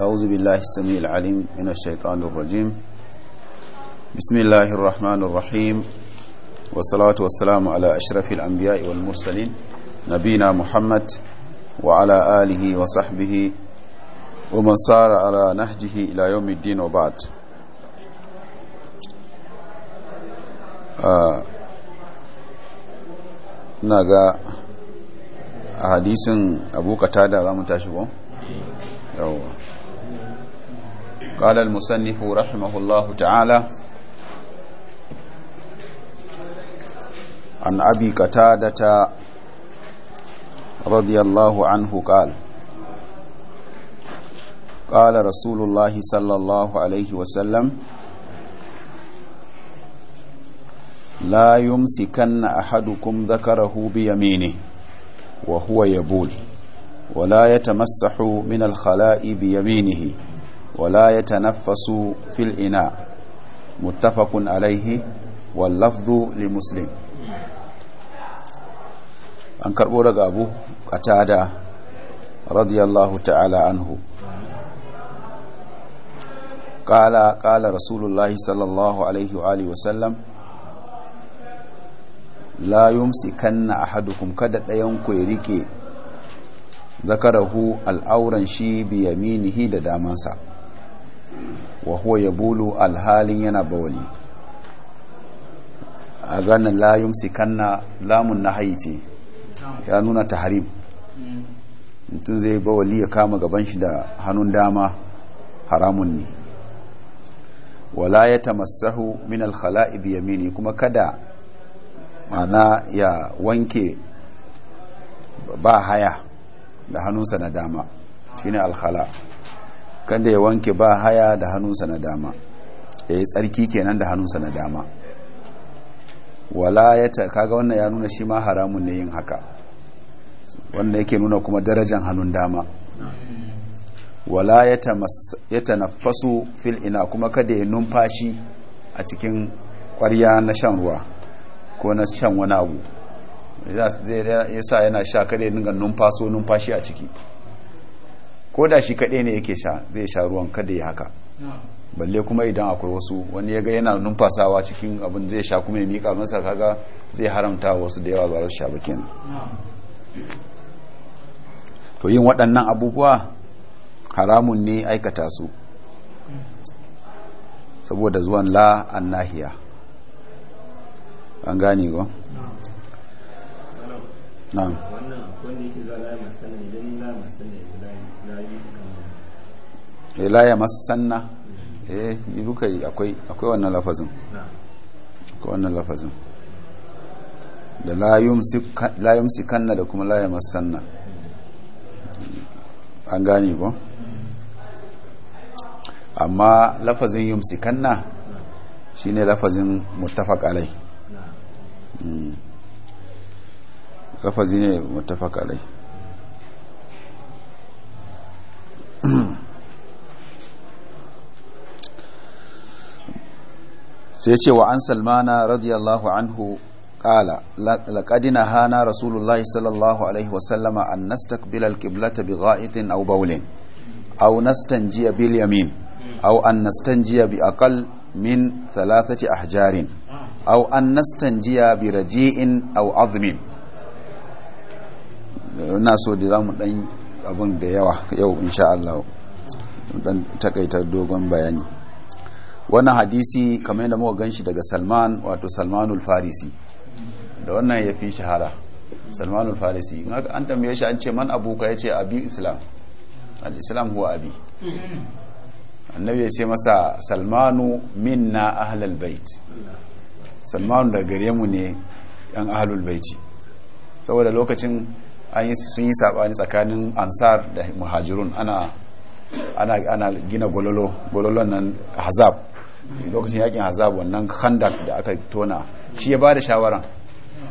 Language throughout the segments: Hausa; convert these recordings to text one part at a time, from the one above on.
أعوذ بالله السميع العليم من الشيطان الرجيم بسم الله الرحمن الرحيم والصلاة والسلام على أشرف الأنبياء والمرسلين نبينا محمد وعلى آله وصحبه ومن صار على نهجه إلى يوم الدين وبعد آه نغا hadisin abu katada za mu tashi ko? yawon قال المصنف رحمه الله تعالى عن أبي قتادة رضي الله عنه قال قال رسول الله صلى الله عليه وسلم لا يمسكن أحدكم ذكره بيمينه وهو يبول ولا يتمسح من الخلاء بيمينه ولا يتنفس في الإناء متفق عليه واللفظ لمسلم an karɓo daga abu qatada radiyallahu ta'ala anhu qala qala rasulullah sallallahu alaihi wa alihi wasallam la yumsikanna ahadukum kada dayan ku ya rike zakarahu al'auran shi bi yaminihi da damansa wa huwa bulu alhalin yana bawali a ganin la kanna lamun na haiti ya nuna ta harim mutum zai bawali ya kama gaban shi da hannun dama haramun ne wala ya tamassahu min alkhala'i bi mini kuma kada mana ya wanke ba haya da hannunsa na dama shine alhala. kada ya wanke ba haya da hannunsa na dama ya eh, yi tsarki kenan da hannunsa na dama wala ya ta kaga wannan ya nuna shi ma haramun ne yin haka wannan yake nuna kuma darajan hannun dama wala ya tanaffasu fil ina kuma kada ya numfashi a cikin kwarya na shan ruwa ko na shan wani abu zai yasa yana sha kada ya dinga numfaso numfashi a ciki ko da shi kaɗai ne yake sha zai sha ruwan kada ya haka balle kuma idan akwai wasu wani ya ga yana numfasawa cikin abin zai sha kuma ya miƙa masa kaga zai haramta wasu da yawa ba su sha bakin to yin waɗannan abubuwa haramun ne aikata su saboda zuwan la nahiya an gane gwa na'am wannan wanda yake zuwa la masanna idan yi sakan la ya masanna eh yi duka akwai akwai wannan lafazin akwai wannan lafazin da su kanna da kuma la ya masanna an gane ba amma lafazin yi su kanna shi ne lafazin muttafaq alai kafazi ne mutafakalai sai ce wa an salmana radiyallahu anhu kala laƙadina hana rasulullahi sallallahu alaihi wasallama an nasta bilal kiblata bi ga'itin au baulin au nastan jiya bil yamin au nastan jiya bi min thalathati ahjarin au an nastan jiya bi raji'in au azmin na so da za mu dan abin da yawa yau insha Allah dan takaita dogon bayani wannan hadisi kamar yadda muka ganshi daga Salman wato Salmanul Farisi da wannan ya fi shahara Salmanul Farisi an tambaye shi an ce man abuka yace abi islam al-islam huwa abi annabi ya ce masa Salmanu minna ahlal bait Salmanu da gare mu ne yan ahlul baiti saboda lokacin sun yi sabani tsakanin ansar da muhajirun ana ana ana gina gololo gololon nan hazab lokacin yakin hazab wannan khandak da aka tona shi ya bada shawara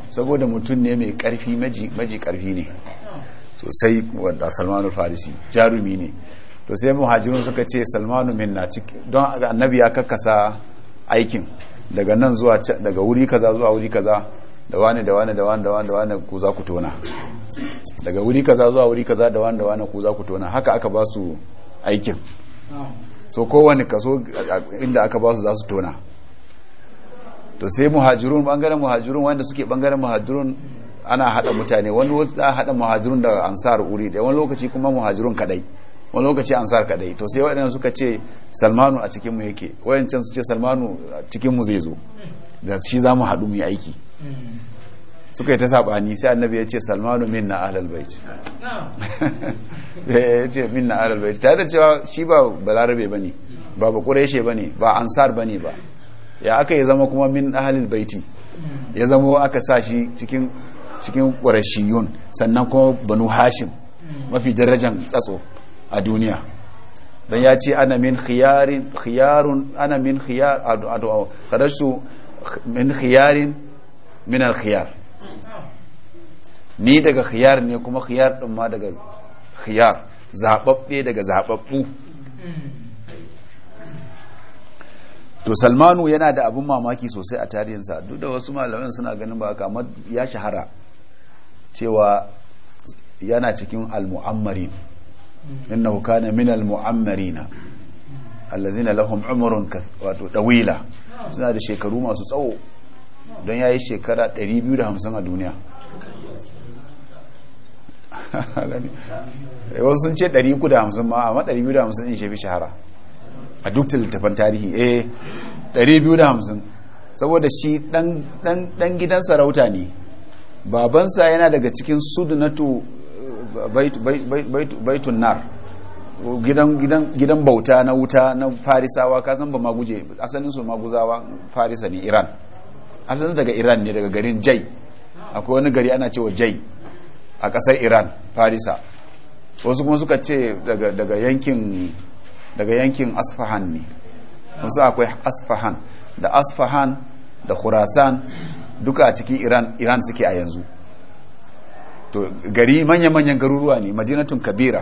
saboda mutum ne mai karfi maji maji karfi ne sosai wanda salmanu farisi jarumi ne to sai muhajirun suka ce salmanu min na ciki don annabi ya kakkasa aikin daga nan zuwa daga wuri kaza zuwa wuri kaza da wani da wani da wani da wani da wani ku za ku tona daga wuri kaza zuwa wuri kaza da wani da wani ku za ku tona haka aka ba su aikin so kowane kaso inda aka ba su za su tona to sai muhajirun bangaren muhajirun wanda suke bangaren muhajirun ana hada mutane wani wasu da hada muhajirun da ansar uri da wani lokaci kuma muhajirun kadai wani lokaci ansar kadai to sai waɗannan suka ce salmanu a cikin mu yake wayancan su ce salmanu a cikin mu zai zo da shi za mu haɗu mu yi aiki suka yi ta sabani sai annabi ya ce salmanu minna ahlal bait ya ce minna ahlal ta tare da cewa shi ba balarabe ne ba ba quraishe ba ansar bane ba ya aka yi zama kuma min ahlal baiti hmm. ya zama aka sa shi cikin cikin sannan kuma banu hashim hmm. mafi darajan tsatso a duniya dan ya ce ana min khiyarin khiyarun ana min khiyar min khiyarin min al-khiyar ni daga khiyar ne kuma khiyar din ma daga khiyar zababbe daga zababbu to salmanu yana da abun mamaki sosai a tarihinsa duk da wasu malaman suna ganin ba kamar ya shahara cewa yana cikin al-mu'ammarin innahu kana min al-mu'ammarina allazina lahum umrun wato dawila suna da shekaru masu tsawo don ya yi shekara 250 a duniya wasu sun ce 350 ma amma 250 in shafi shahara a duk littafan tarihi eh 250 saboda shi dan gidan sarauta ne babansa yana daga cikin na to baitun nar gidan bauta na wuta na farisawa kasan ba maguje asalin su maguzawa farisa ne iran an daga iran ne daga garin jai akwai wani gari ana cewa jai a kasar iran farisa wasu kuma suka ce daga yankin asfahan ne wasu akwai asfahan da asfahan da khurasan duka a cikin iran iran suke a yanzu to gari manya-manyan garuruwa ne madinatun kabira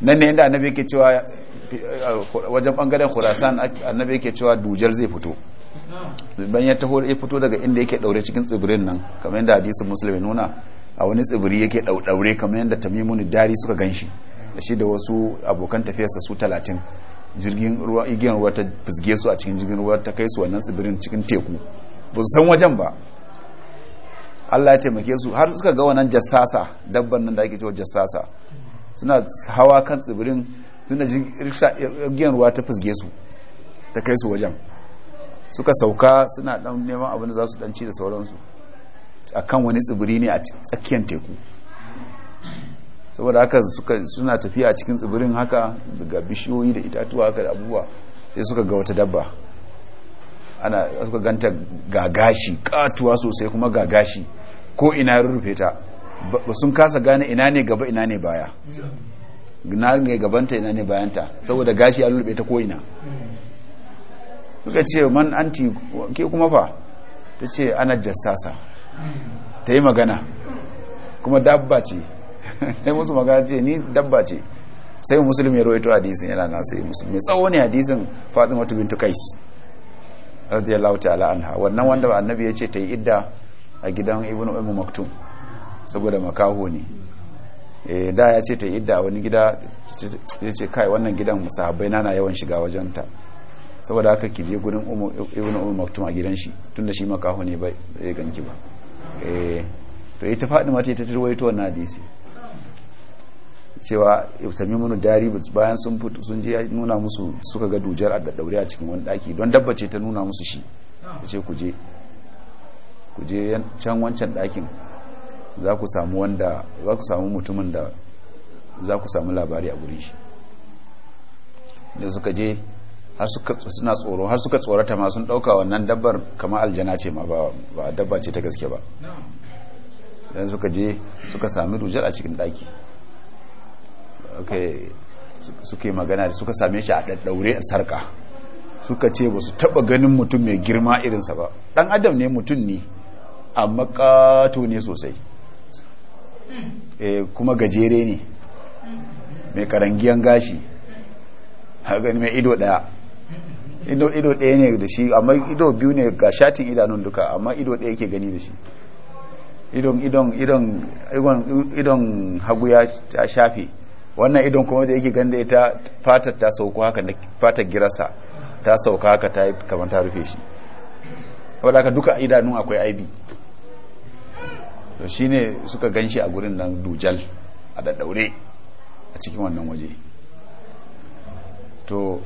nan ne inda annabi ke cewa eh, wajen bangaren khurasan annabi ke cewa dujar zai fito ban ya taho ya fito daga inda yake daure cikin tsibirin nan kamar yadda hadisin musulmi nuna a wani tsibiri yake daure kamar yadda muni dari suka ganshi da shi da wasu abokan tafiyarsa su talatin jirgin ruwa igiyar ruwa ta fizge su a cikin jirgin ruwa ta kai su wannan tsibirin cikin teku ba su san wajen ba Allah ya taimake su har suka ga wannan jassasa dabban nan da ake cewa jassasa suna hawa kan tsibirin suna jirgin ruwa ta fizge su ta kai su wajen suka sauka suna dan neman abin da za su danci da sauransu a kan wani tsibiri ne a tsakiyar teku saboda haka suna tafiya a cikin tsibirin haka daga bishiyoyi da itatuwa haka da abubuwa sai suka ga wata dabba ana suka ganta gagashi katuwa sosai kuma gagashi ko ina rurrufe ta sun kasa gane ina ne gaba ina ne baya na gabanta ina ne bayanta saboda gashi ya rurrufe ta ko ina suka ce man anti ke kuma fa ta ce ana jassasa ta yi magana kuma dabba ce ta musu magana ce ni dabba ce sai musulmi ya roito hadisun yana nasu yi musulmi tsawo ne hadisun fatima bintu kais radiyallahu ta'ala anha wannan wanda annabi ya ce ta yi idda a gidan ibn umu maktum saboda makaho ne eh, da ya ce ta yi idda a wani gida ya ce kai wannan gidan musahabai na na yawan shiga wajenta saboda haka ki je gurin ibn umar maktum a gidan shi tunda shi makaho ne ba zai ganki ba eh, to ita faɗi mata ta to wannan hadisi cewa sami munu dari bayan sun fito sun je nuna musu suka ga dujar a daddaure a cikin wani daki don dabba ce ta nuna musu shi ta ce kuje kuje can wancan dakin za ku samu wanda za ku samu mutumin da za ku samu labari a gurin shi da suka je har suka suna tsoro har suka tsorata ma sun dauka wannan dabbar kamar aljana ce ma ba dabba ce ta gaske ba dan suka je suka sami rujar a cikin daki okay suka magana da suka same shi a daddaure a sarka suka ce ba su taba ganin mutum mai girma irinsa ba dan adam ne mutum ne amma kato ne sosai eh, kuma gajere ne mai karangiyan gashi hagani mai ido daya ido ido ɗaya ne da shi amma ido biyu ne ga shatin idanun duka amma ido ɗaya yake gani da shi idon idon idon idon hagu ya shafe wannan idon kuma da yake ganda ita fatar ta sauko haka fatar girasa ta sauka haka ta kamar ta rufe shi saboda haka duka idanun akwai i.b to shine suka ganshi a gurin nan dujal a daddaure a cikin wannan waje to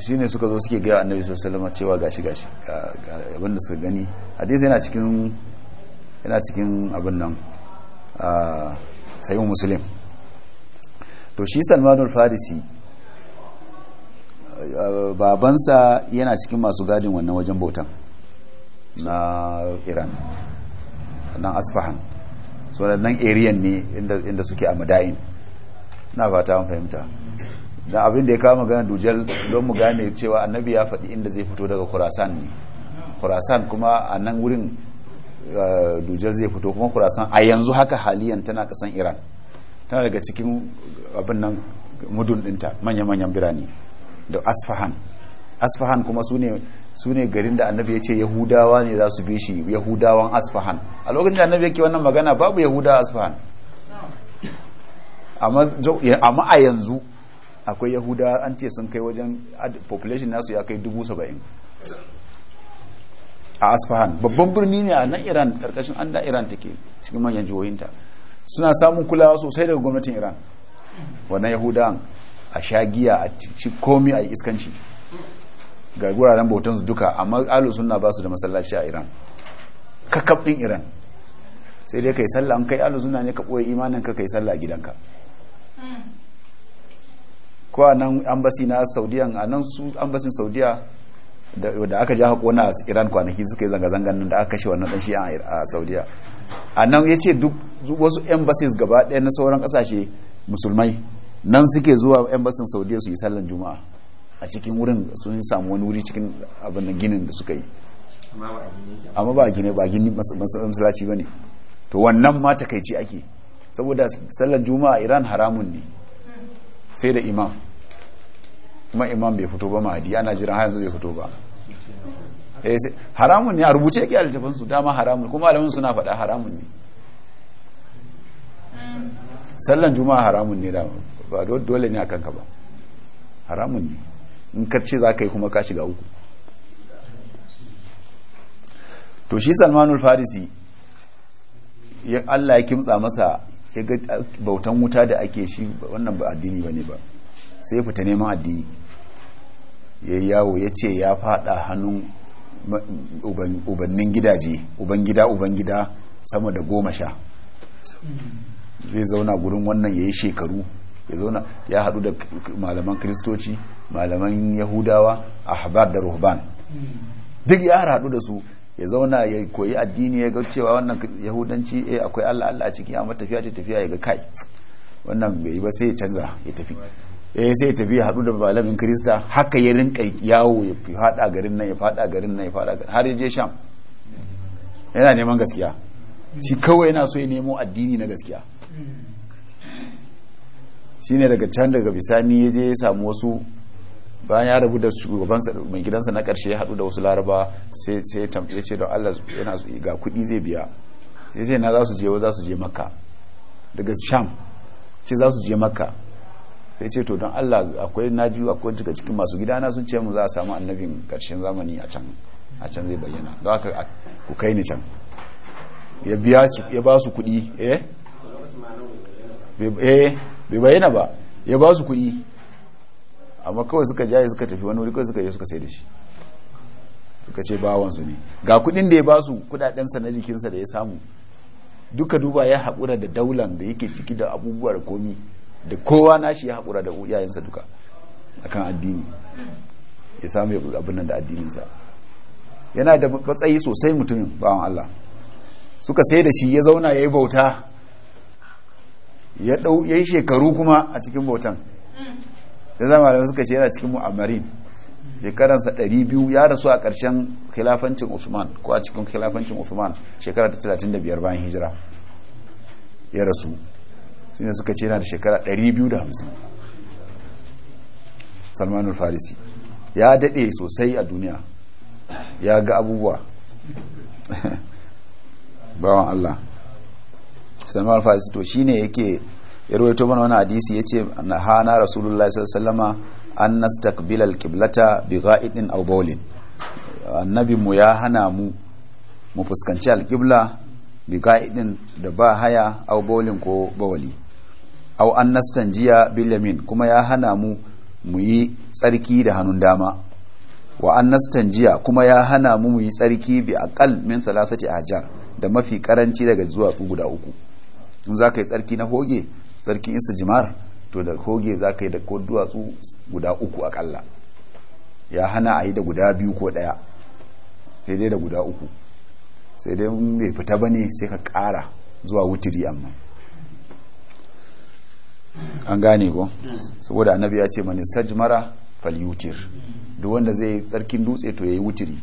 shi ne suka zo suke gaya annabi sallama cewa gashi gashi abinda suka gani hadisi yana cikin yana cikin abin nan sayin musulim to shi salmanul farisi babansa yana cikin masu gadin wannan wajen bautan na iran nan asfahan so nan area ne inda suke a madain na fata an fahimta da abin da ya kawo magana dujal don mu gane cewa annabi ya faɗi inda zai fito daga kurasan ne kurasan kuma a nan wurin uh, dujal zai fito kuma kurasan a yanzu haka haliyan tana kasan iran tana daga cikin abin nan mudun dinta manya-manyan birane da asfahan asfahan kuma su ne garin da annabi ya ce yahudawa ne za su bi shi yahudawan asfahan a lokacin da annabi ke wannan magana babu yahuda asfahan amma a yanzu akwai yahuda an ce sun kai wajen population nasu ya kai dubu saba'in a asfahan babban birni ne a nan iran karkashin an da iran take cikin manyan jihohinta suna samun kulawa sosai daga gwamnatin iran wannan yahudan a shagiya a ci komi a iskanci ga guraren bautan su duka amma alu suna ba su da masallaci a iran kakab din iran sai dai kai sallah an kai alu suna ne ka boye imanin ka kai sallah gidanka ko a nan ambasi na saudiya a nan su ambasin saudiya da aka ja haƙo a iran kwanaki suka yi zanga-zangan nan da aka kashe wannan shi a saudiya a nan ya ce duk wasu embassies gaba ɗaya na sauran ƙasashe musulmai nan suke zuwa embassin saudiya su yi sallan juma'a a cikin wurin sun samu wani wuri cikin abin ginin da suka yi amma ba a gine ba gini masalaci ba ne to wannan ma takaici ake saboda sallan juma'a iran haramun ne sai da imam kuma imam bai fito ba mahadi ana jira har yanzu bai fito ba eh, haramun ne a rubuce ke a littafin su dama haramun kuma alamun suna faɗa haramun ne sallan juma'a haramun ne ba dole ne a kanka ba haramun ne in ka ce za ka yi kuma ka shiga uku to shi salmanul farisi ya Allah ya kimtsa masa ya ga bautan wuta da ake shi wannan ba addini ba ne ba sai fita neman addini ya yawo ya ce ya fada hannun ubannin gidaje uban gida uban gida sama da goma sha zai zauna gurin wannan ya yi shekaru ya zauna ya haɗu da malaman kristoci malaman yahudawa a habar da ruhban duk ya haɗu da su ya zauna ya koyi addini ya ga cewa wannan yahudanci eh akwai Allah Allah a ciki amma tafiya ce tafiya ya ga kai wannan bai yi ba sai ya canza ya tafi eh sai tafi haɗu da malamin krista haka ya rinka yawo ya fada garin nan ya faɗa garin nan ya faɗa garin har ya je sham yana neman gaskiya shi kawai yana so ya nemo addini na gaskiya shine daga can daga bisani ya je ya samu wasu bayan ya rabu da shugabansa mai gidansa na karshe ya haɗu da wasu laraba sai ya tambaye ce don Allah yana ga kuɗi zai biya sai sai na za su je za su je makka daga sham ce za su je makka sai ce to don Allah akwai naji akwai daga cikin masu gidana sun ce mu za a samu annabin karshen zamani a can a can zai bayyana za ka ku kai ni can ya biya su ya ba su kuɗi eh eh bai bayyana ba ya ba su kuɗi amma kawai suka jaye suka tafi wani wuri kawai suka je suka sai da shi suka ce wanzu ne ga kuɗin da ya ba su sa na jikinsa da ya samu duka duba ya haƙura da daular da yake ciki da abubuwar komi da kowa nashi ya haƙura da iyayensa duka akan addini ya samu ya abin nan da addininsa yana da matsayi sosai mutumin bawan Allah suka sai da shi ya zauna ya yi bauta ya ɗau ya yi shekaru kuma a cikin bautan ya zama da suka ce yana cikin mu'amarin shekaransa 200 ya rasu a ƙarshen khilafancin Usman ko a cikin khilafancin Usman shekara ta 35 bayan hijira ya rasu ne suka ce yana da shekara 250 salmanul farisi ya daɗe sosai a duniya ya ga abubuwa bawan Allah salmanul farisi to shine yake ya to mana wani hadisi ya ce na hana rasulullah wasallama an nastaqbila alqiblata bi gha'idin aw bawlin annabi mu ya hana mu mu fuskanci alqibla bi ga'idin da ba haya aw bawlin ko bawali au an nastanjiya bilamin kuma ya hana mu mu yi tsarki da hannun dama wa an nastanjiya kuma ya hana mu mu yi tsarki bi akal min salasati ajar da mafi karanci daga zuwa guda uku in za ka yi tsarki na hoge tsarki jimar to da hoge za ka yi da ko duwatsu guda uku akalla ya hana a yi da guda biyu ko daya sai dai da guda uku sai dai bai fita ba ne sai ka kara zuwa wutiri amma an gane ko hmm. saboda annabi ya ce man istajmara falyutir duk wanda zai tsarkin dutse to yayi wutiri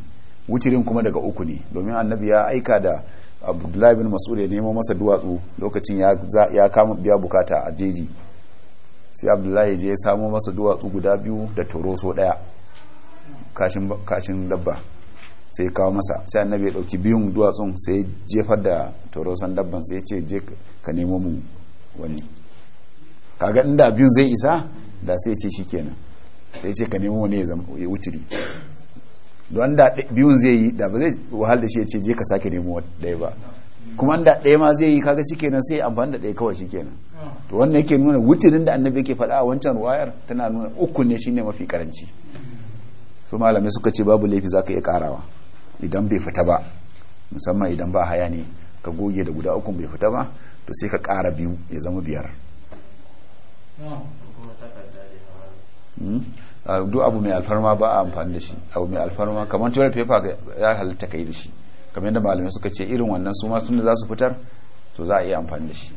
wutirin kuma daga uku ne domin annabi ya aika da abdullahi bin mas'ud ya nemo masa duwatsu lokacin ya kama biya bukata a jeji sai abdullahi je ya samo masa duwatsu guda biyu da toroso daya kashin dabba sai kawo masa sai annabi ya dauki biyun duwatsun sai jefar da toroson dabban sai ya ce je ka nemo mu wani kaga inda biyun zai isa da sai ce shi kenan sai ce ka nemo ne ya zama wuturi don da biyun zai yi da ba zai wahal da shi ya ce je ka sake nemo ɗaya ba kuma da ɗaya ma zai yi kaga shi kenan sai amfani da ɗaya kawai shi kenan to wannan yake nuna wuturin da annabi yake faɗa a wancan wayar tana nuna uku ne shine mafi karanci su malamai suka ce babu laifi zaka iya karawa idan bai fita ba musamman idan ba haya ne ka goge da guda uku bai fita ba to sai ka kara biyu ya zama biyar Hmm? duk abu mai alfarma ba a amfani da shi abu mai alfarma kamar tuwar fefa ya halitta kai da shi kamar yadda malamai suka ce irin wannan su masu da za su fitar to za a iya amfani da shi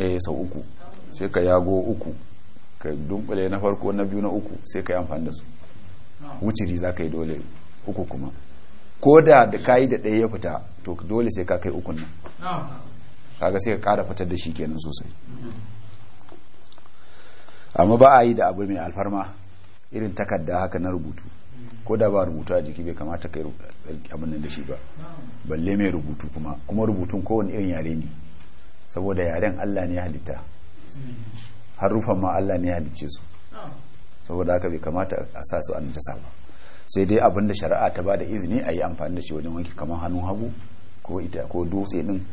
eh sau uku sai ka yago uku ka dunkule na farko na biyu na uku sai ka yi amfani da su wuciri za ka yi dole uku kuma ko da da yi da ɗaya ya fita to dole sai ka kai ukun nan kaga sai ka kara fitar da shi kenan sosai amma ba a yi da abu mai alfarma irin takarda haka na rubutu ko da ba rubutu a jiki bai kamata kai abin nan da shi ba balle mai rubutu kuma kuma rubutun kowane irin yare ne saboda yaren Allah ne ya halitta harufan ma Allah ne ya halicce su saboda haka bai kamata a sa su an jasa ba sai dai abin da shari'a ta ba da izini a yi amfani da shi wajen wanki kamar hannun hagu ko ita ko dutse din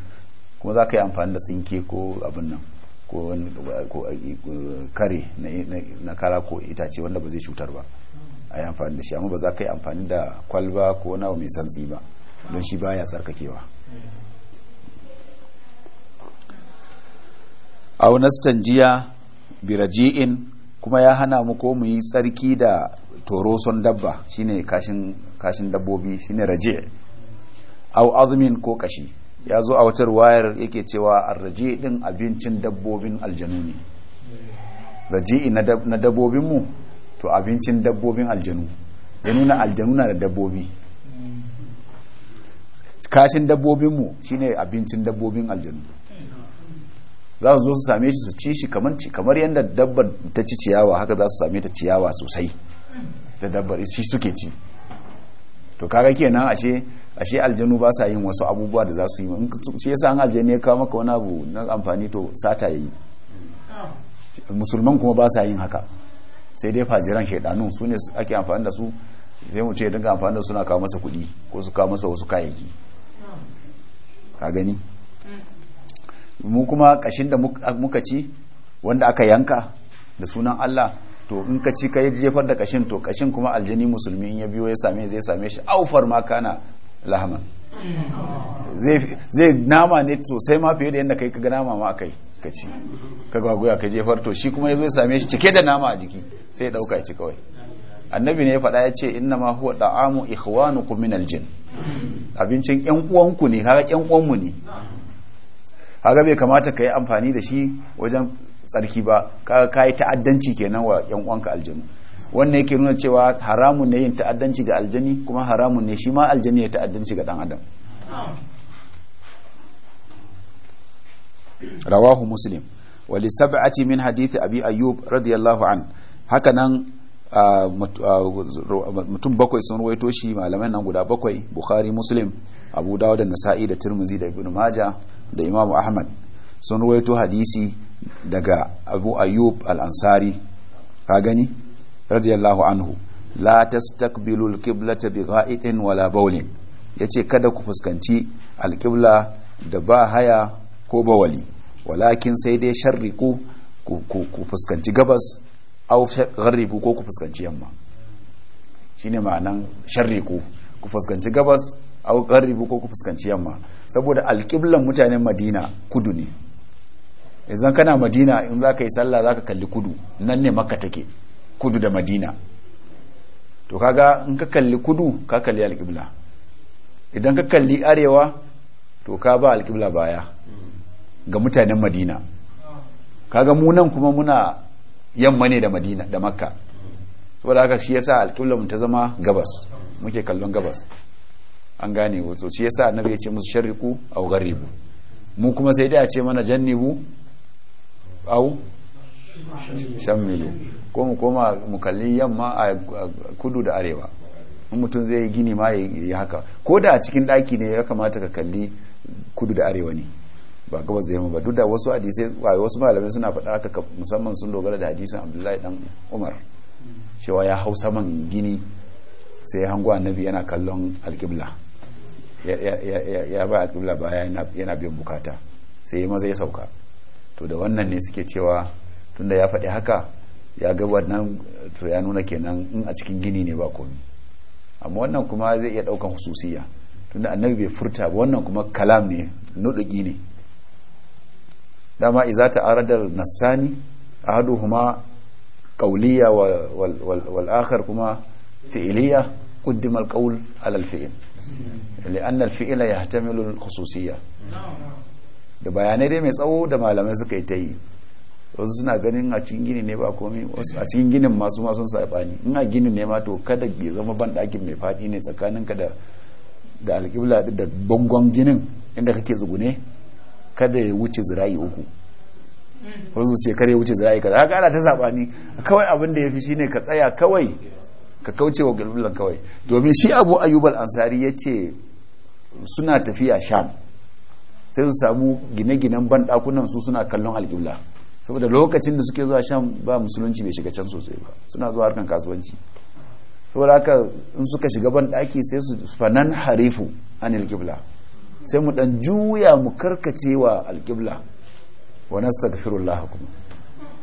kuma za ka yi amfani da tsinke ko abin nan ko kare na kara ko itace wanda ba zai cutar ba a yi amfani da shi amma ba za ka yi amfani da kwalba ko nawa mai santsi ba don shi baya tsarkakewa aunastan jiya biraji'in kuma ya hana mu ko mu yi tsarki da toroson dabba shine kashin kashin dabbobi shine raje au azumin ko kashi ya zo a wata ruwayar yake cewa arraji din abincin dabbobin aljanu ne Raji na dabbobinmu to abincin dabbobin aljanu ya nuna aljanu na da dabbobi kashin dabbobinmu shine abincin dabbobin aljanu za su zo su same shi su ci shi kamar yadda dabbar ta ci ciyawa haka za su same ta ciyawa sosai da dabbar shi suke ci to kaga kenan ashe ashe aljanu ba sa yin wasu abubuwa da za su yi shi yasa an aljanu ya kawo maka wani abu na amfani to sata yayi musulman kuma ba sa yin haka sai dai fajiran shaidanun su ne ake amfani da su sai mu ce dinga amfani da suna kawo masa kuɗi ko su kawo masa wasu kayayyaki ka gani mu kuma kashin da muka ci wanda aka yanka da sunan Allah to in ka ci ka yi jefar da kashin to kashin kuma aljani musulmi in ya biyo ya same zai same shi aufar ma kana lahaman zai nama ne sosai ma fiye da yadda kai kaga nama ma kai ka ci ka gwagwaya ka jefar to shi kuma ya zo ya same shi cike da nama a jiki sai ya dauka ci kawai annabi ne ya faɗa ya ce inna ma huwa da'amu ikhwanukum min aljin abincin yan uwanku ne har yan uwanmu ne haka bai kamata ka yi amfani da shi wajen tsarki ba ka yi ta'addanci kenan wa yan uwanka aljinu wannan yake nuna cewa haramun ne yin ta'addanci ga aljani kuma haramun ne shi ma aljani ya ta'addanci ga dan adam rawahu muslim wali sab'ati min hadith abi ayyub radiyallahu an haka nan mutum bakwai sun ruwaito shi malamai nan guda bakwai bukhari muslim abu dawud da nasa'i da tirmizi da ibnu majah da imamu ahmad sun ruwaito hadisi daga abu ayyub al-ansari ka gani radiyallahu anhu la tastaqbilu bi bigha'idin wala bawlin yace kada ku fuskanci al-qibla da ba haya ko bawali walakin sai dai sharriku ku fuskanci gabas aw gharibu ko ku fuskanci yamma shine ma'anan sharriku ku fuskanci gabas aw gharibu ko ku fuskanci yamma saboda al-qiblan mutanen madina kudu ne idan kana madina in zaka yi sallah zaka kalli kudu nan ne makka take kudu da madina to kaga in ka kalli kudu ka kalli alƙibla idan ka kalli arewa to ka ba alƙibla baya ga mutanen madina kaga mu nan kuma muna yamma ne da madina da makka saboda haka shi yasa alƙibla mu ta zama gabas muke kallon gabas an gane wato shi yasa annabi ya ce musu sharriku au gharibu mu kuma sai dai a ce mana jannibu au shammilu ko mu koma mu kalli yamma a kudu da arewa in mutum zai yi gini ma ya haka ko da a cikin daki ne ya kamata ka kalli kudu da arewa ne ba gabas da yamma ba duk da wasu hadisai wasu malamai suna faɗa haka musamman sun dogara da hadisin abdullahi dan umar cewa ya hau saman gini sai ya hango annabi yana kallon alƙibla ya ba alƙibla baya yana biyan bukata sai ya maza ya sauka to da wannan ne suke cewa tunda ya faɗi haka ya ga wannan to ya nuna kenan in a cikin gini ne ba komi amma wannan kuma zai iya ɗaukan hususiya tunda annabi bai furta ba wannan kuma kalam ne nuɗuƙi ne dama iza ta aradar nasani ahaduhuma qawliya wal wal akhar kuma fi'liya قدم القول على الفئل لأن الفئل يحتمل الخصوصية da bayanai dai mai tsawo da malamai suka yi ta yi wasu suna ganin a cikin gini ne ba komi a cikin ginin masu masu saɓani in a ginin ne ma to kada ya zama ban ɗakin mai faɗi ne tsakaninka da da alƙibla da bangon ginin inda kake zugune kada ya wuce zira'i uku mm. wasu ce kare wuce zira'i kada haka ana ta saɓani kawai abin da ya fi shine ka tsaya kawai ka kauce wa galbulan kawai domin shi abu ayyubal ansari ya ce suna tafiya sham sai su samu gine-ginen ban ɗakunan su suna kallon alƙibla saboda lokacin da suke zuwa shan ba musulunci bai shiga can sosai ba suna zuwa harkan kasuwanci saboda haka in suka shiga ban daki sai su fanan harifu anil qibla sai mu dan juya mu karkace wa alqibla wa nastaghfirullah kuma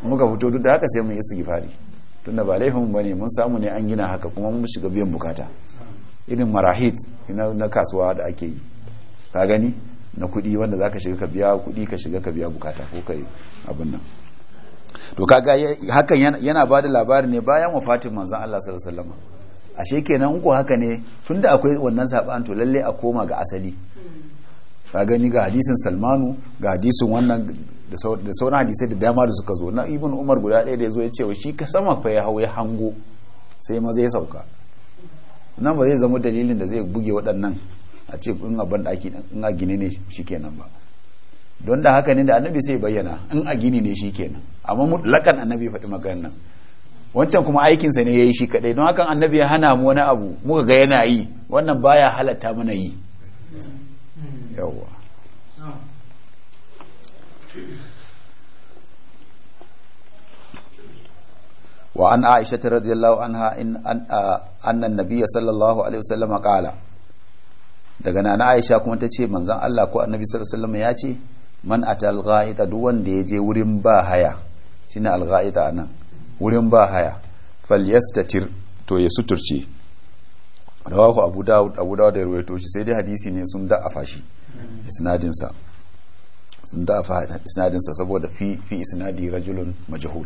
muka fito duk da haka sai mu yi istighfari tunda ba laifin bane mun samu ne an gina haka kuma mun shiga biyan bukata irin marahit ina na kasuwa da ake yi ka gani na kuɗi wanda za ka shiga ka biya kuɗi ka shiga ka biya bukata ko kai abin nan to kaga hakan yana ba da labari ne bayan wafatin manzon Allah sallallahu alaihi wasallam ashe kenan ko haka ne tunda akwai wannan saban to lalle a koma ga asali ka gani ga hadisin Salmanu ga hadisin wannan da sauran hadisai da dama da suka zo na ibn Umar guda ɗaya da ya zo ya ce wa shi ka sama fa ya hau ya hango sai ma zai sauka nan ba zai zama dalilin da zai buge waɗannan a ce in a ban daki in a gini ne shikenan ba don da haka ne da annabi sai bayyana in a gini ne shikenan amma mutlakan annabi faɗi maganar nan wancan kuma aikinsa ne ya yi shi kadai don haka annabi ya hana mu wani abu muka ga yana yi wannan baya halatta mana yi yawwa wa an aisha radiyallahu anha in anna nabiyya sallallahu alaihi wasallam qala daga nana aisha kuma ta ce manzan allah ko annabi sallallahu ya ce man ata alghaita duk wanda ya je wurin ba haya shine alghaita nan wurin ba haya falyastatir to ya suturce rawahu abu dawud abu dawud da ruwaito shi sai dai hadisi ne sun da afa shi isnadin sa sun da afa isnadin sa saboda fi fi isnadi rajulun majhul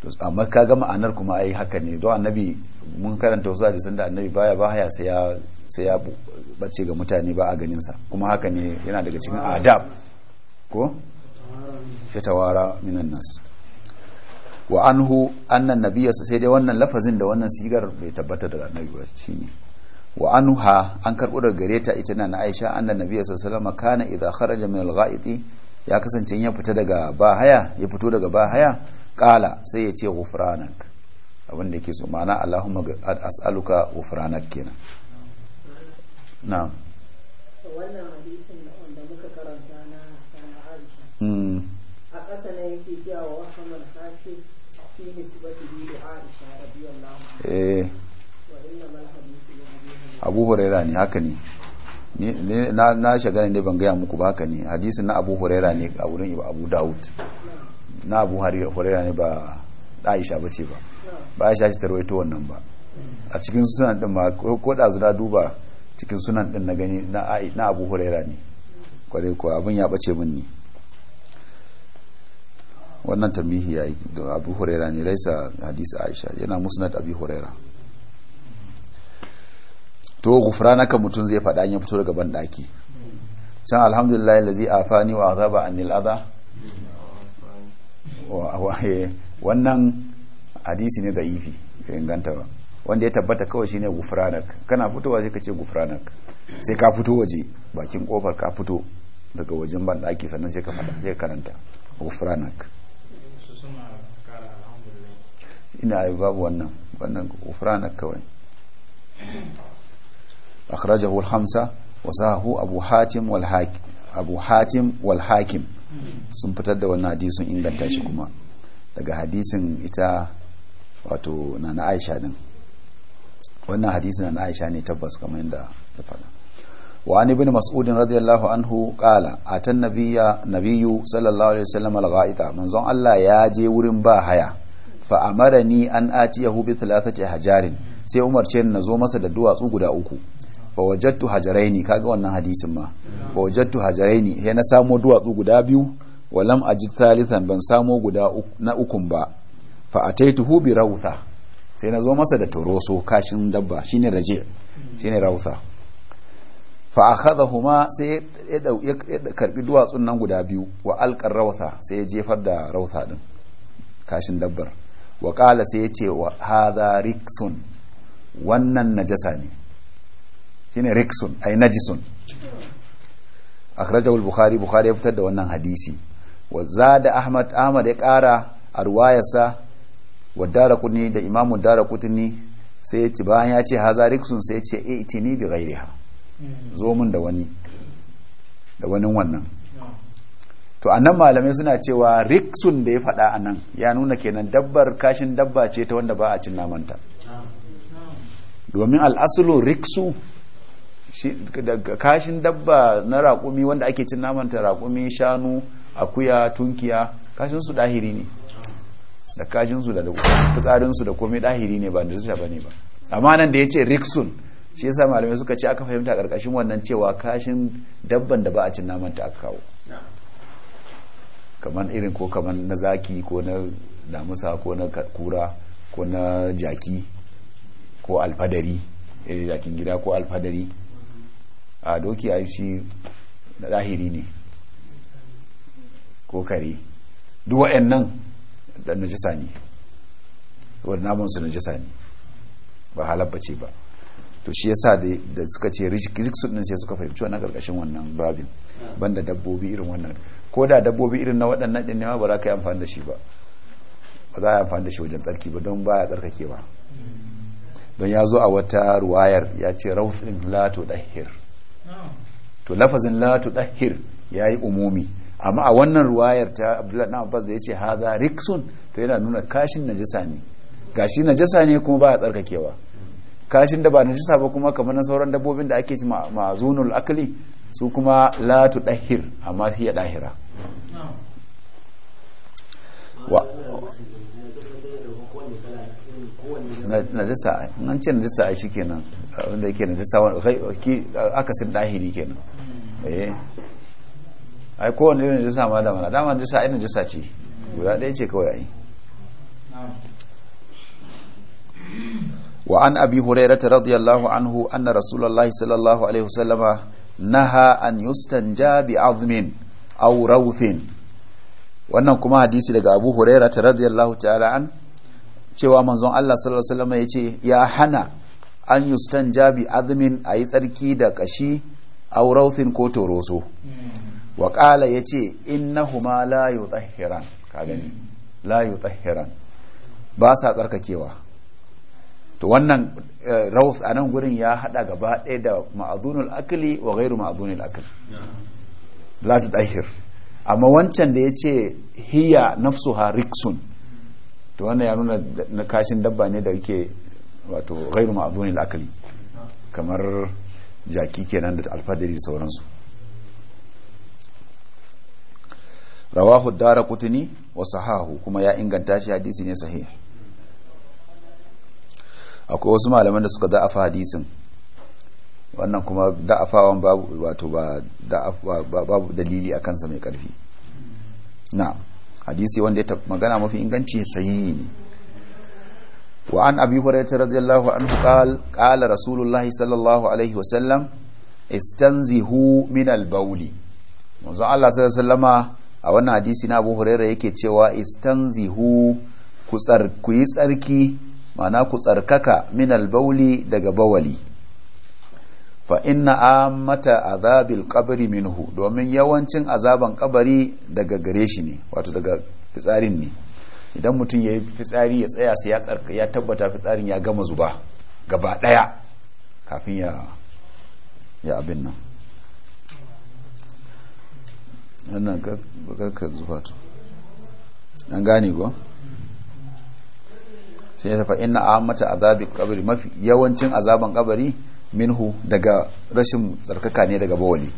to amma ka ga ma'anar kuma ai haka ne don annabi mun karanta wasu hadisan da annabi baya ba haya sai ya sai ya bace ga mutane ba a ganinsa kuma haka ne yana daga cikin adab ko ya tawara minan nas wa anhu annan nabiyya sai dai wannan lafazin da wannan sigar bai tabbata daga annabi ba ne wa anha an karɓo daga gare ta ita na Aisha annan nabiyya sallallahu alaihi kana idza kharaja min al ya kasance ya fita daga bahaya ya fito daga bahaya kala sai ya ce ghufranak abin da yake so ma'ana Allahumma as'aluka ghufranak kenan na'am wannan hadisin wanda muka karanta na sana Aisha hmm. a ƙasa na yake cewa wa Muhammad Hafiz fi nisbatihi li Aisha radiyallahu anha eh wa inna mal hadithu Abu Hurairah ne haka ne na na shagana ne ban gaya muku ba haka ne hadisin na Abu Hurairah ne a wurin Abu Dawud na Abu Hurairah ne ba Aisha ba ce ba ba Aisha ce ta rawaito wannan ba a cikin suna din ma ko da zuna duba cikin sunan din na gani na abu huraira ne kwarai kuwa abin ya bace min ne wannan tambihi ya yi da abu huraira ne laisa hadisi aisha yana musnad abu huraira to nakan mutum zai faɗa ya fito daga banɗaki can alhamdulillah lazi afani wa azaba anil adha eh, wannan hadisi ne da ifi inganta ba wanda ya tabbata kawai shine gufranak kana fitowa sai ka ce gufranak sai ka fito waje bakin kofar ka fito daga wajen ban daki sannan sai ka fada sai ka karanta gufranak ina yi babu wannan wannan gufranak kawai akhrajahu al-hamsa wa sahahu abu hatim wal hakim abu hatim wal hakim sun fitar da wannan hadisin inganta shi kuma daga hadisin ita wato na na aisha din wannan hadisin na Aisha ne tabbas kamar yadda ta faɗa wa an ibn mas'ud radiyallahu anhu qala atan nabiyya nabiyyu sallallahu alaihi wasallam al-ghaita manzon Allah ya je wurin ba haya fa ni an atiyahu bi thalathati hajarin sai umarce ni zo masa da duwatsu guda uku fa wajadtu hajaraini kaga wannan hadisin ma fa wajadtu hajaraini sai na samo duwatsu guda biyu walam ajid thalithan ban samo guda na ukun ba fa ataituhu bi rawtha sai na zo masa da toroso kashin dabba shine raje shine rausa fa akhadahuma sai ya karbi duwatsun nan guda biyu wa alqar rausa sai ya jefar da rausa din kashin dabbar wa qala sai ya ce wa hadha riksun wannan najasa ne shine riksun ay najisun akhrajahu al-bukhari bukhari ya fitar da wannan hadisi wa zada ahmad ahmad ya kara a ruwayarsa wa darakuni da imamu darakutuni sai ya ci bayan ya ce haza sai ya ce e itini bi ha, hmm. zo mun da wani da wani wannan to annan malamai suna cewa riksun da ya faɗa a nan ya nuna kenan dabbar kashin dabba ce ta wanda ba a cin namanta domin al'asulu riksu kashin dabba na raƙumi wanda ake cin namanta raƙumi shanu akuya tunkiya kashin su ɗahiri ne da su da fitsarinsu da komai ɗahiri ne ba da zuciya ba ne ba amma nan da ya ce rikson shi yasa malamai suka ce aka fahimta ƙarƙashin wannan cewa kashin dabban da ba a cin naman ta aka kawo kamar irin ko kamar na zaki ko na damusa ko na kura ko na jaki ko alfadari irin eh, jakin gida ko alfadari a doki a shi na ne ko kare duk nan. da najasa ne wadda namun su najasa ne ba halabba ce ba to shi yasa da suka ce su ɗin sai suka fahimci wannan karkashin wannan babin banda dabbobi irin wannan ko da dabbobi irin na waɗannan ɗin nema ba za ka yi amfani da shi ba ba za a yi amfani da shi wajen tsarki ba don ba ya tsarkake ba don ya zo a wata ruwayar ya ce rauf lato to dahir to lafazin lato dahir ya yi umumi amma a wannan ruwayar ta abdullahi na abbas da ya ce haza rikson to yana nuna kashin najisa ne gashi najisa ne kuma ba a tsarkakewa kashin da ba najisa ba kuma kamar na sauran dabbobin da ake ci ma'azunul akali su kuma latu dahir amma hiya dahira wa najasa ce wanda yake akasin dahiri kenan eh ai kowane irin jisa ma da mana dama jisa irin jisa ce guda ɗaya ce kawai ai wa an abi hurairata radiyallahu anhu anna rasulullahi sallallahu alaihi wasallama naha an yustanja bi azmin aw rawthin wannan kuma hadisi daga abu hurairata radiyallahu ta'ala an cewa manzon Allah sallallahu alaihi wasallama yace ya hana an yustanja bi azmin ayi tsarki da kashi aw rawthin ko toroso hmm. wa ƙala ya ce innahuma layu tsahiran ka gani la tsahiran, ba sa tsarkakewa to wannan eh, raus a nan gurin ya hada gaba ɗaya da ma'azunul akili wa gairu ma'azunul akili la tsahir amma wancan da ya ce hiya ha riksun to wannan ya nuna na kashin dabba ne da yake wato gairu ma'azunul akli kamar jaki kenan da alfadari da sauransu rawahu dara kutini wa sahahu kuma ya inganta shi hadisi ne sahih akwai wasu malaman da suka da'afa hadisin wannan kuma da'afawan babu wato ba babu dalili a kansa mai karfi na hadisi wanda ya magana mafi inganci sahihi ne wa an abi hurairah radiyallahu anhu qala qala rasulullahi sallallahu alaihi wa sallam istanzihu min al-bawli manzo Allah sallallahu alaihi wasallama a wannan hadisi na abu huraira yake cewa istanzihu ku yi tsarki mana ku tsarkaka min albauli daga bawali fa inna amata azabil qabri minhu domin yawancin azaban kabari daga gare shi ne wato daga fitsarin ne idan mutum ya yi fitsari ya tsaya sai ya tabbata fitsarin ya gama zuba gaba daya kafin ya ya abin nan wannan karka zuwa to an gane go sai ya tafa inna mata azabin kabari mafi yawancin azaban kabari minhu daga rashin tsarkaka ne daga bawali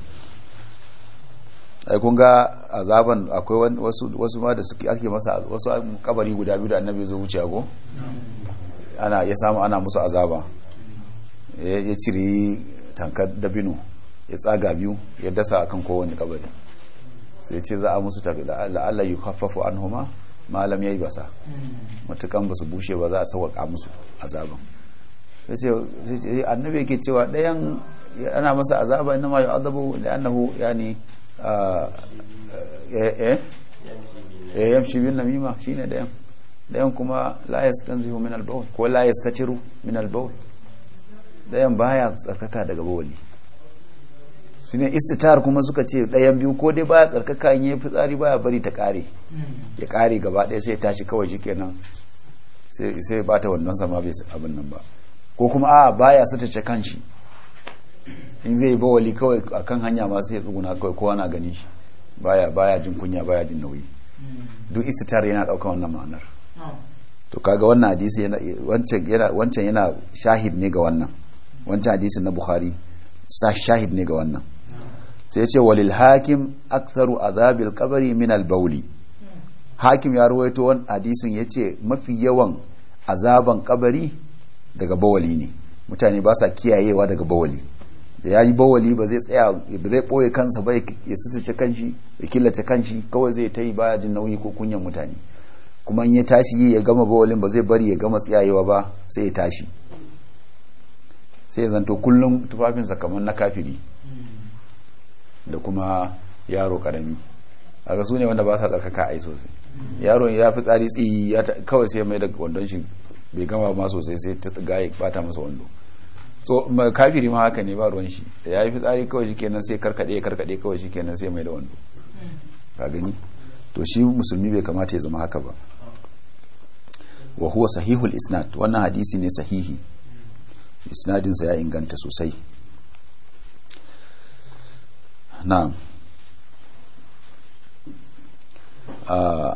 ai kun ga azaban akwai wasu wasu ma da suke ake masa wasu kabari guda biyu da annabi zai wuce go ana ya samu ana musu azaba ya cire tankar dabino ya tsaga biyu ya dasa akan kowane kabari sai ce za a musu tafi la'alla yi haffafu an huma malam ya yi basa matukan ba su bushe ba za a sauwaka musu azaban sai ce eh, annabi ke cewa ɗayan ana masa azaba inna ma yu'adabu li'annahu yani eh, eh eh yamshi bin namima shine ɗayan ɗayan kuma la yastanzihu min al-bawl ko la yastatiru min al-bawl ɗayan baya tsarkaka daga bawli su ne istitar kuma suka ce ɗayan biyu ko dai baya tsarkaka in yi fitsari baya bari ta ƙare hmm. ya ƙare gaba ɗaya sai tashi kawai shi kenan sai ba ta wannan sama bai abin nan ba ko kuma a baya satace kan shi in zai ba wali kawai a kan hanya ma sai ya tsuguna kawai kowa na gani shi baya baya jin kunya baya jin nauyi hmm. duk istitar yana ɗaukar wannan ma'anar oh. to kaga wannan hadisi yana wancan yana shahid ne ga wannan wancan hadisin na bukhari shahid ne ga wannan sai ce walil hakim aktharu azabil kabari min al bauli hakim ya ruwaito wani hadisin ya ce mafi yawan azaban kabari daga bawali ne mutane ba sa kiyayewa daga bawali da ya yi bawali ba zai tsaya da zai ɓoye kansa ba ya sutuce kanshi ya killace kanshi kawai zai ta yi baya jin nauyi ko kunyan mutane kuma in ya tashi ya gama bawalin ba zai bari ya gama tsayayewa ba sai ya tashi sai ya zanto kullum tufafinsa kamar na kafiri da kuma yaro karami a su ne wanda ba sa tsarkaka ai sosai yaro ya fi tsari tsiyi kawai sai mai da wandon shi bai gama ma sosai sai ta tsiga ya bata masa wando so kafiri ma haka ne ba ruwan shi ya yi fi tsari kawai shi kenan sai karkade karkade kawai shi kenan sai mai da wando ka gani to shi musulmi bai kamata ya zama haka ba wa huwa sahihul isnad wannan hadisi ne sahihi isnadinsa ya inganta sosai na'am ah,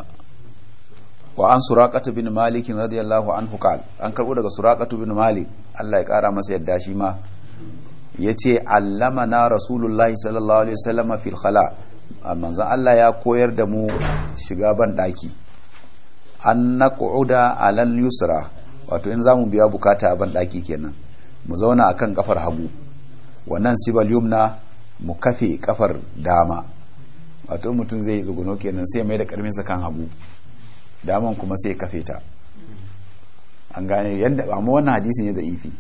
wa an suraqatu bin malik radiyallahu anhu qal an karbo daga suraqatu bin malik Allah ya kara masa yadda shi ma yace na rasulullahi sallallahu alaihi wasallam fil khala ah, manzon Allah ya koyar da mu shiga ban daki an naq'uda alal yusra wato in zamu biya bukata a ban daki kenan mu zauna akan kafar hagu wannan sibal yumna mu kafe kafar dama wato mutum zai tsuguno kenan sai mai da karminsa kan hagu daman kuma sai kafe ta an gane yadda amma wannan hadisi ne da ifi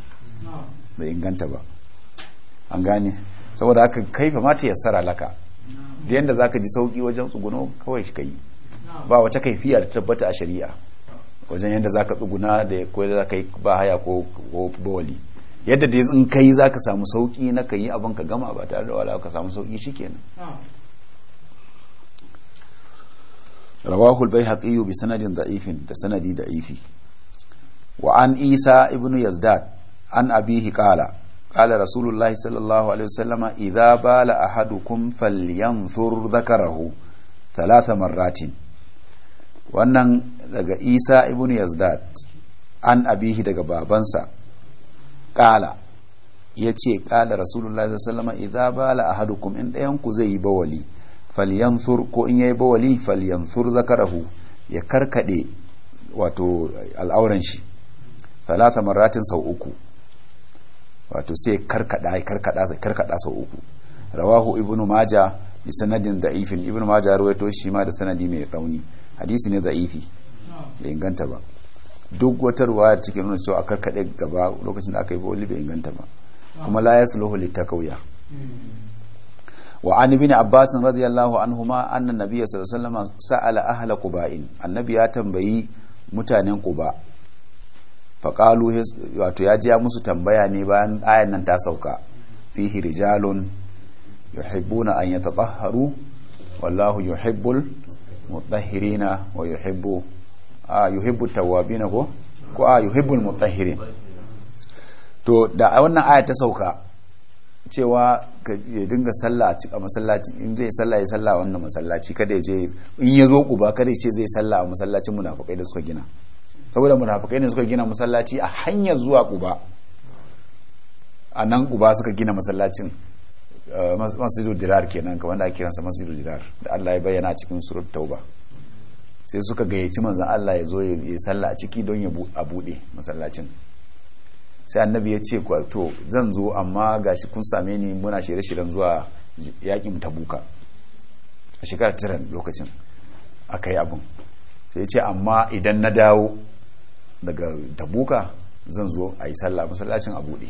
da inganta ba an gane saboda haka kaifa mata yassara laka da yadda za ka ji sauki wajen tsuguno kawai shi kai ba wata kaifiya da tabbata a shari'a wajen yadda za ka tsuguna da ko za kai ba haya ko bawali yadda da in kai za ka samu sauƙi na ka yi abin ka gama ba tare da wala ka samu sauki shi kenan rawahul baihaqi bi sanadin da'ifin da sanadi da'ifi wa an isa ibnu yazdad an abihi qala qala rasulullahi sallallahu alaihi wasallama idza bala ahadukum falyanzur dhakarahu thalatha marratin wannan daga isa ibnu yazdad an abihi daga babansa kala ya ce kala rasulullah sallama idza bala ahadukum in ku zai yi bawali falyanthur ko in yayi bawali falyanthur zakarahu ya karkade wato al'auran shi talata maratin sau uku wato sai karkada ya karkada sai karkada sau uku rawahu ibnu majah bi sanadin da'ifin ibnu maja rawaito shi ma da sanadi mai rauni hadisi ne da'ifi bai inganta ba duk wata ruwaya da take nuna cewa a karkade gaba lokacin da aka yi boli bai inganta ba ah. kuma la ta kauya hmm. wa an bin abbas radiyallahu anhuma anna nabiyya sallallahu alaihi wasallam sa'ala ahla quba'in annabi ya tambayi mutanen quba faƙalu wato ya ji musu tambaya ne bayan ayan nan ta sauka fihi rijalun yuhibbuna an yataṭahharu wallahu yuhibbul mutahhirina wa yuhibbu a yuhibbu tawabina ko ko a yuhibbu mutahhirin to da wannan aya ta sauka cewa ya dinga sallah a masallaci in zai sallah ya sallah a wannan masallaci kada ya je in ya zo kuba kada ya ce zai sallah a masallacin munafikai da suka gina saboda munafikai ne suka gina masallaci a hanyar zuwa kuba a nan kuba suka gina masallacin eh, masjidu dirar kenan kamar da ake kiransa masjidu dirar da Allah ya bayyana cikin surat tauba sai suka gayyaci manzan Allah ya zo ya salla a ciki don ya a bude masallacin sai annabi ya ce to zan zo amma ga shi kun same ni muna shirye-shiryen zuwa yakin tabuka a shekarar tiran lokacin aka yi abin sai ce amma idan na dawo daga tabuka zan zo a yi sallah masallacin a buɗe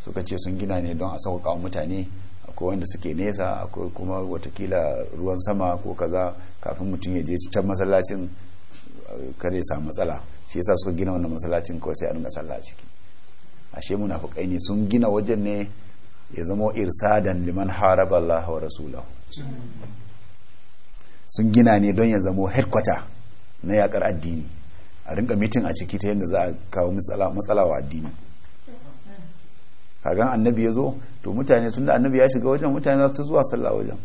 suka ce sun gina ne don a sauƙaƙa mutane akwai wanda suke nesa akwai kuma watakila ruwan sama ko kaza kafin mutum ya je can masallacin kare sa matsala shi yasa suka gina wannan masallacin kawai sai a dinga sallah ciki ashe munafukai ne sun gina wajen ne ya zama irsadan liman haraba Allah wa rasulahu sun gina ne don ya zama headquarter na yakar addini a rinka mitin a ciki ta yadda za a kawo matsala wa addini kagan annabi ya zo to mutane tun da annabi ya shiga wajen mutane za ta zuwa sallah wajen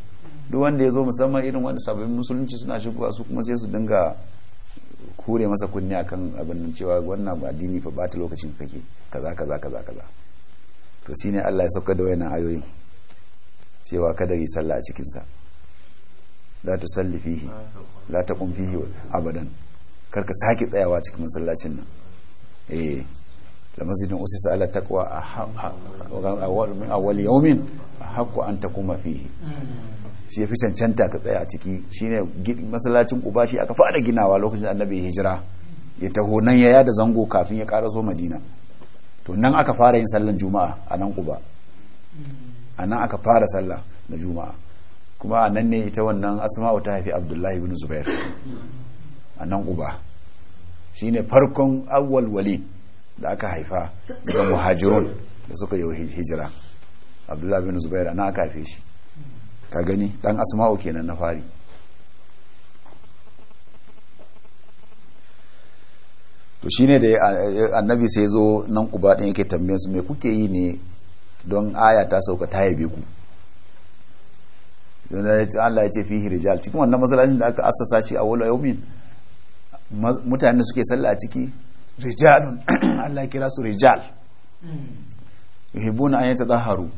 duk wanda ya zo musamman irin wanda sababbin musulunci suna shigowa su kuma sai su dinga kure masa kunni akan abin nan cewa wannan ba addini fa ba ta lokacin kake kaza kaza kaza kaza to shine Allah ya sauka da wayannan ayoyin cewa kada yi sallah a cikin sa la tusalli fihi la taqum fihi abadan karka sake tsayawa cikin masallacin nan eh la masjidun usisa ala taqwa a awwal yawmin haqqu an taquma fihi shi ya fi cancanta ta tsaya a ciki shine masallacin kuba shi aka fara ginawa lokacin annabi hijira ya taho nan ya yada zango kafin ya karaso madina to nan aka fara yin sallan juma'a a nan kuba a nan aka fara sallah na juma'a kuma a nan ne ita wannan asma'u ta haifi abdullahi bin zubair a nan kuba shine farkon awwal da aka haifa daga muhajirun da suka yi hijira abdullahi bin zubair a nan aka haife shi ka gani dan asma'u kenan na fari to shine da annabi sai zo nan uba din yake tambayen su me kuke yi ne don aya ta sauka ta yabe ku Allah ya ce fihi rijal cikin wannan masalacin da aka assasa shi a wala yaumin mutane suke sallah a ciki rijalun Allah ya kira su rijal hmm. yuhibbuna an zaharu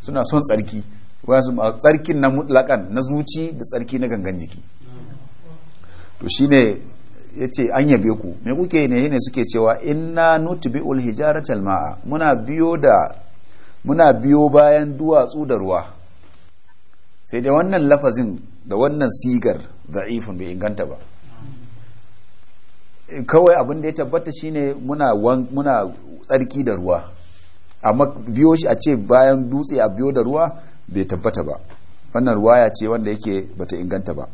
suna son tsarki wasu tsarkin na mutlakan na zuci da tsarki na gangan jiki to shine ya ce an yabe ku me kuke ne ne suke cewa inna nutbi'ul hijaratal ma'a muna biyo da muna biyo bayan duwatsu da ruwa sai dai wannan lafazin da wannan sigar da'ifun bai inganta ba kawai abin da ya tabbata shine muna muna tsarki da ruwa amma biyo shi a ce bayan dutse a biyo da ruwa bai tabbata ba wannan ruwaya ce wanda yake bata inganta ba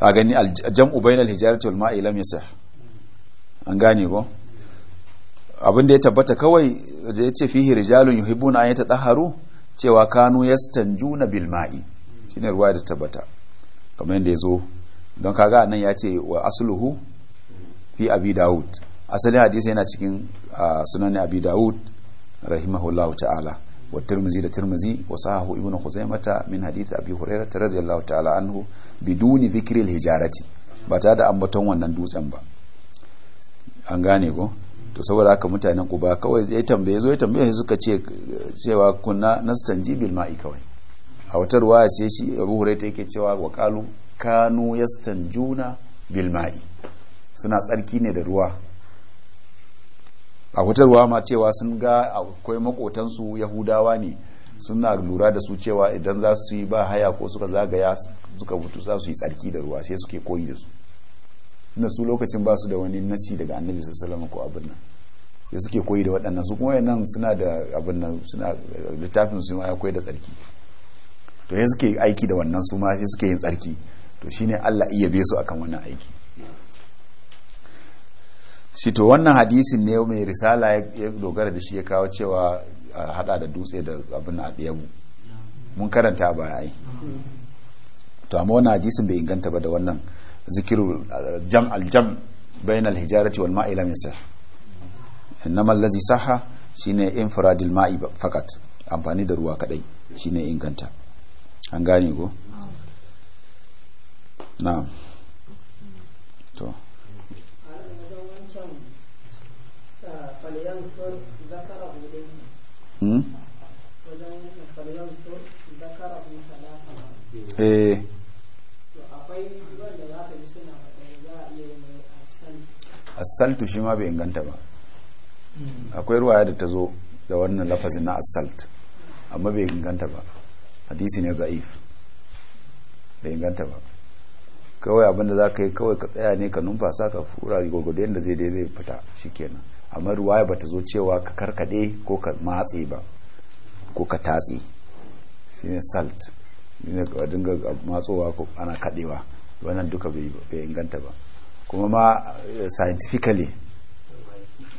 a gani jam'u bainal hijarati wal lam yasah an gane ko abin da ya tabbata kawai da ya ce fihi rijalun yuhibbuna an tsaharu cewa kanu yastanjuna bilma'i. ma'i shine ruwaya da tabbata kamar yadda ya zo don kaga nan ya ce wa asluhu fi abi daud asalin hadisi yana cikin sunan abi daud rahimahullahu ta'ala wa tirmizi da tirmizi wa sahahu ibn khuzaimata min hadith abi hurairah radiyallahu ta'ala anhu biduni dhikri hijarati ba ta da ambaton wannan dutsen ba an gane ko to saboda haka mutanen kuba kawai ya tambaye zo ya tambaye suka ce cewa kunna nastanji bil ma'i kawai a wata ruwaya sai shi abu hurairah yake cewa wa qalu kanu yastanjuna bil ma'i suna tsarki ne da ruwa a fitarwa ma cewa sun ga akwai makotansu yahudawa ne suna lura da su cewa idan za su yi ba haya ko suka zagaya suka mutu za su yi tsarki da ruwa sai suke koyi da su na su lokacin ba su da wani nasi daga annabi salama ko abin nan sai suke koyi da waɗannan su kuma nan suna da abin nan suna littafin su ya koyi da tsarki to sai suke aiki da wannan su ma sai suke yin tsarki to shine Allah iya be su akan wannan aiki shi to wannan hadisin ne mai risala ya dogara da shi ya kawo cewa hada da dutse da abin a ɗaya mun karanta ba ai to amma wannan hadisin bai inganta ba da wannan zikiru jam aljam bayan alhijarati wal ma'ila min sah innama allazi saha shine infradil ma'i fakat amfani da ruwa kadai shine inganta an gane ko na'am eh asaltu shi ma bai inganta ba akwai ruwaya da ta zo da wannan lafazin na asalt amma bai inganta ba hadisi ne za'if bai inganta ba kawai abinda za ka yi kawai ka tsaya ne ka numfasa ka fura gwagwado da zai dai zai fita shikenan amma ruwaya bata zo cewa ka karkade ko ka matse ba ko ka tatse shine salt ne ka dinga matsowa ko ana kadewa wannan duka bai inganta ba kuma ma eh, scientifically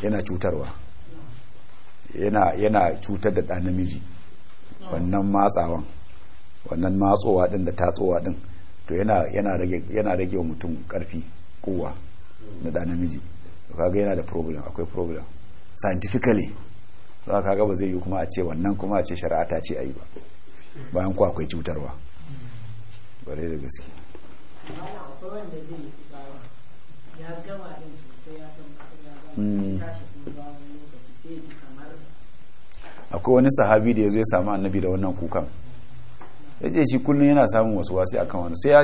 yana cutarwa yana cutar da ɗan namiji wannan matsawan wannan matsowa din da tatsowa ɗin to yana yana rage yana mutum karfi kowa na ɗan namiji kaga yana da problem akwai problem scientifically za ka ga ba zai yi kuma a ce wannan kuma a ce shari'a ta ce ayi ba bayan ku akwai cutarwa bare da gaske hmm. akwai wani sahabi da ya zo ya samu annabi da wannan kukan ya ce shi kullum yana samun wasu wasi a kan wani sai ya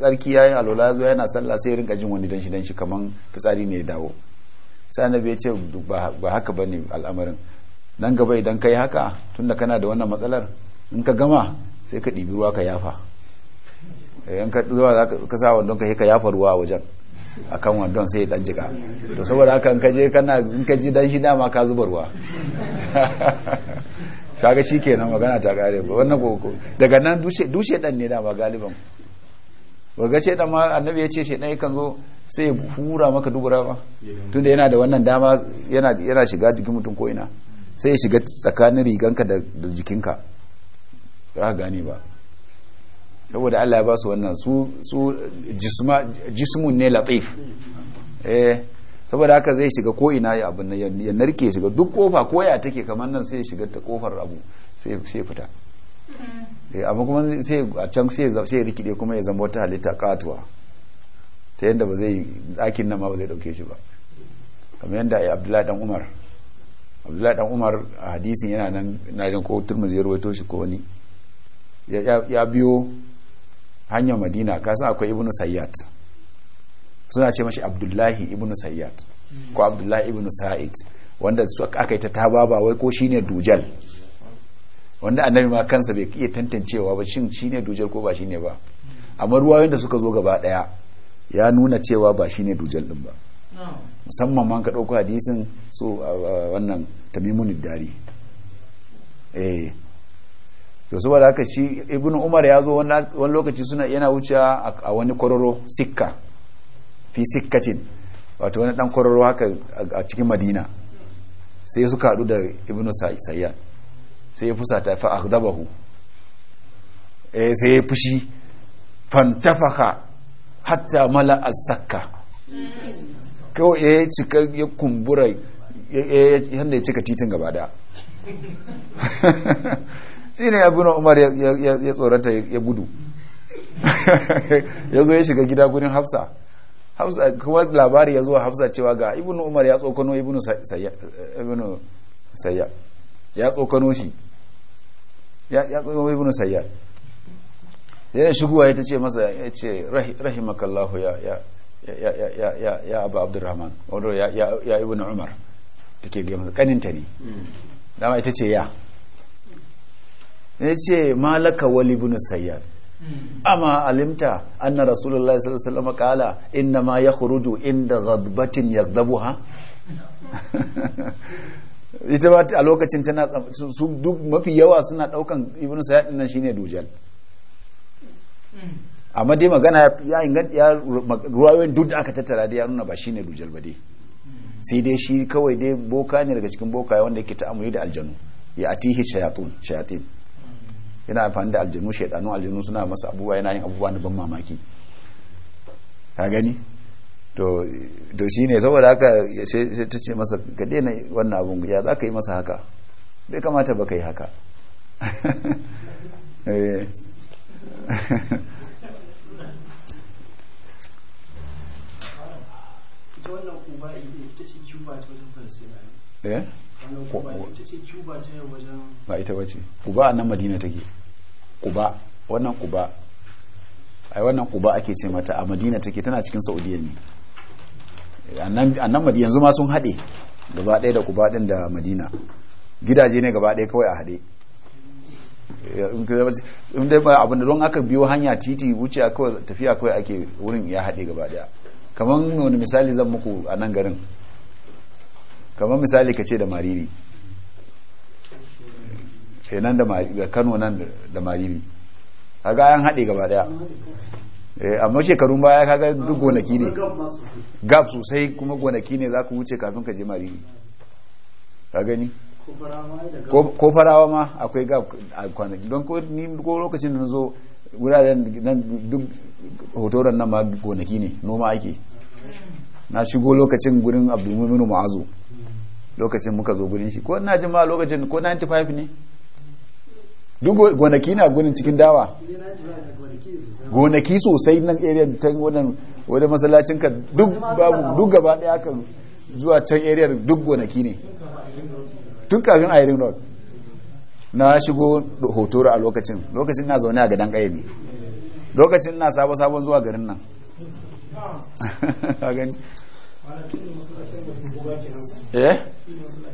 tsarki ya yi alola zuwa yana sallah sai rinka jin wani danshi danshi kaman fitsari ne ya dawo sai annabi ya ce ba haka ba ne al'amarin nan gaba idan yi haka tun da kana da wannan matsalar in ka gama sai ka ɗibi ruwa ka yafa eh, in ka zuwa ka sa wandon ka ka yafa ruwa a wajen akan wandon sai ya dan jika to saboda haka in ka je kana in ka ji dan shi dama ka zuba ruwa kaga shi kenan magana ta kare ba wannan koko daga nan dushe dan ne dama galiban ga ce dan ma annabi ya ce shi dan yakan zo sai ya hura maka dubura ba tunda yana da wannan dama yana yana shiga jikin mutum ko ina sai ya shiga tsakanin riganka da jikinka ba ka gane ba saboda Allah ya ba su wannan su jismun ne latif eh saboda haka zai shiga ko ina ya abin ya narke shiga duk kofa ko ya take kamar nan sai ya shiga ta kofar abu sai sai fita mm-hmm. eh, amma kuma sai a can sai sai rikide kuma ya zama wata halitta katuwa ta yadda ba zai ɗakin nan ma ba zai dauke shi ba kamar yadda abdullahi dan umar abdullahi dan umar a hadisin yana nan na jin ko turmuzi ya rawaito shi ko wani ya biyo hanyar madina kasan akwai ibnu sayyad suna ce mashi abdullahi ibn sayyad ko abdullahi ibn sa'id wanda su aka yi ta baba wai ko shine dujal wanda annabi ma kansa bai iya tantancewa ba shin shine dujal ko ba shine ba amma ruwa da suka zo gaba daya ya nuna cewa ba shine dujal din ba musamman man ka dauko hadisin su wannan tamimun dari eh to saboda haka shi ibnu umar ya zo wani lokaci suna yana wuce a wani kororo sikka fi sikkacin wato wani dan kwararo haka a cikin madina sai suka hadu da ibnu sayyan sai ya fusata fa aghdabahu eh, sai ya fushi fantafaka hatta mala a sakka kawai ya cika ya kumbura yadda ya cika titin gaba da shi ne abin umar ya tsorata ya gudu ya zo ya shiga gida gudun hafsa hafsa kuma labari ya zo hafsa cewa ga ibnu umar ya tsokano ibnu sayya eh, ibnu sayya ya tsokano shi ya tsokano ibnu sayya sai da shigowa ya tace masa ya ce rahimakallahu ya ya ya ya ya abu abdurrahman wato ya ya ya ibnu umar take ga masa kaninta ne hmm. dama ita ce ya ya ce malaka wal ibnu sayyad amma alimta anna rasulullahi sallallahu alaihi wasallam qala inna ma yakhruju inda ghadbatin yaghdabuha ita ba a lokacin tana su duk mafi yawa suna daukan ibnu sa'id nan shine dujal amma dai magana ya inganta ya ruwayoyin duk da aka tattara da ya nuna ba shine dujal ba dai sai dai shi kawai dai boka ne daga cikin boka wanda yake ta'amuli da aljanu ya atihi shayatun shayatin yana amfani da aljanu shaidanu aljanu suna masa abubuwa yana yin abubuwa na ban mamaki ka gani to to shine saboda haka sai ta ce masa ka daina wannan abun ya za ka yi masa haka bai kamata ba ka yi haka eh ba ita bace kuba a nan madina take kuba wannan kuba ai wannan kuba ake ce mata a madina take tana cikin saudiya ne nan madina yanzu ma sun haɗe gaba ɗaya da kuba ɗin da madina gidaje ne gaba ɗaya kawai a haɗe in dai ba abin da don aka biyo hanya titi wuce kawai tafiya kawai ake wurin ya haɗe gaba ɗaya kamar wani misali zan muku a nan garin kamar misali ka ce da mariri kenan eh, da kano nan da mariri ga yan haɗe gaba daya eh, amma shekarun baya kaga duk gonaki ne gab sosai kuma gonaki ne za ku wuce kafin ka je mariri ka gani ko farawa ma akwai gab a kwanaki don ko lokacin da zo wuraren nan duk hotoron nan ma gonaki ne noma ake na shigo lokacin gurin abdulmuminu ma'azu lokacin muka zo gurin shi ko ina jin ma lokacin ko 95 ne duk gonaki na gurin cikin dawa gonaki sosai nan area ta wannan wani masallacin ka duk babu duk gaba daya kan zuwa can area duk gonaki ne tun kafin iron road na shigo hotoro a lokacin lokacin na zaune a gadan kayabi lokacin na sabo sabon zuwa garin nan eh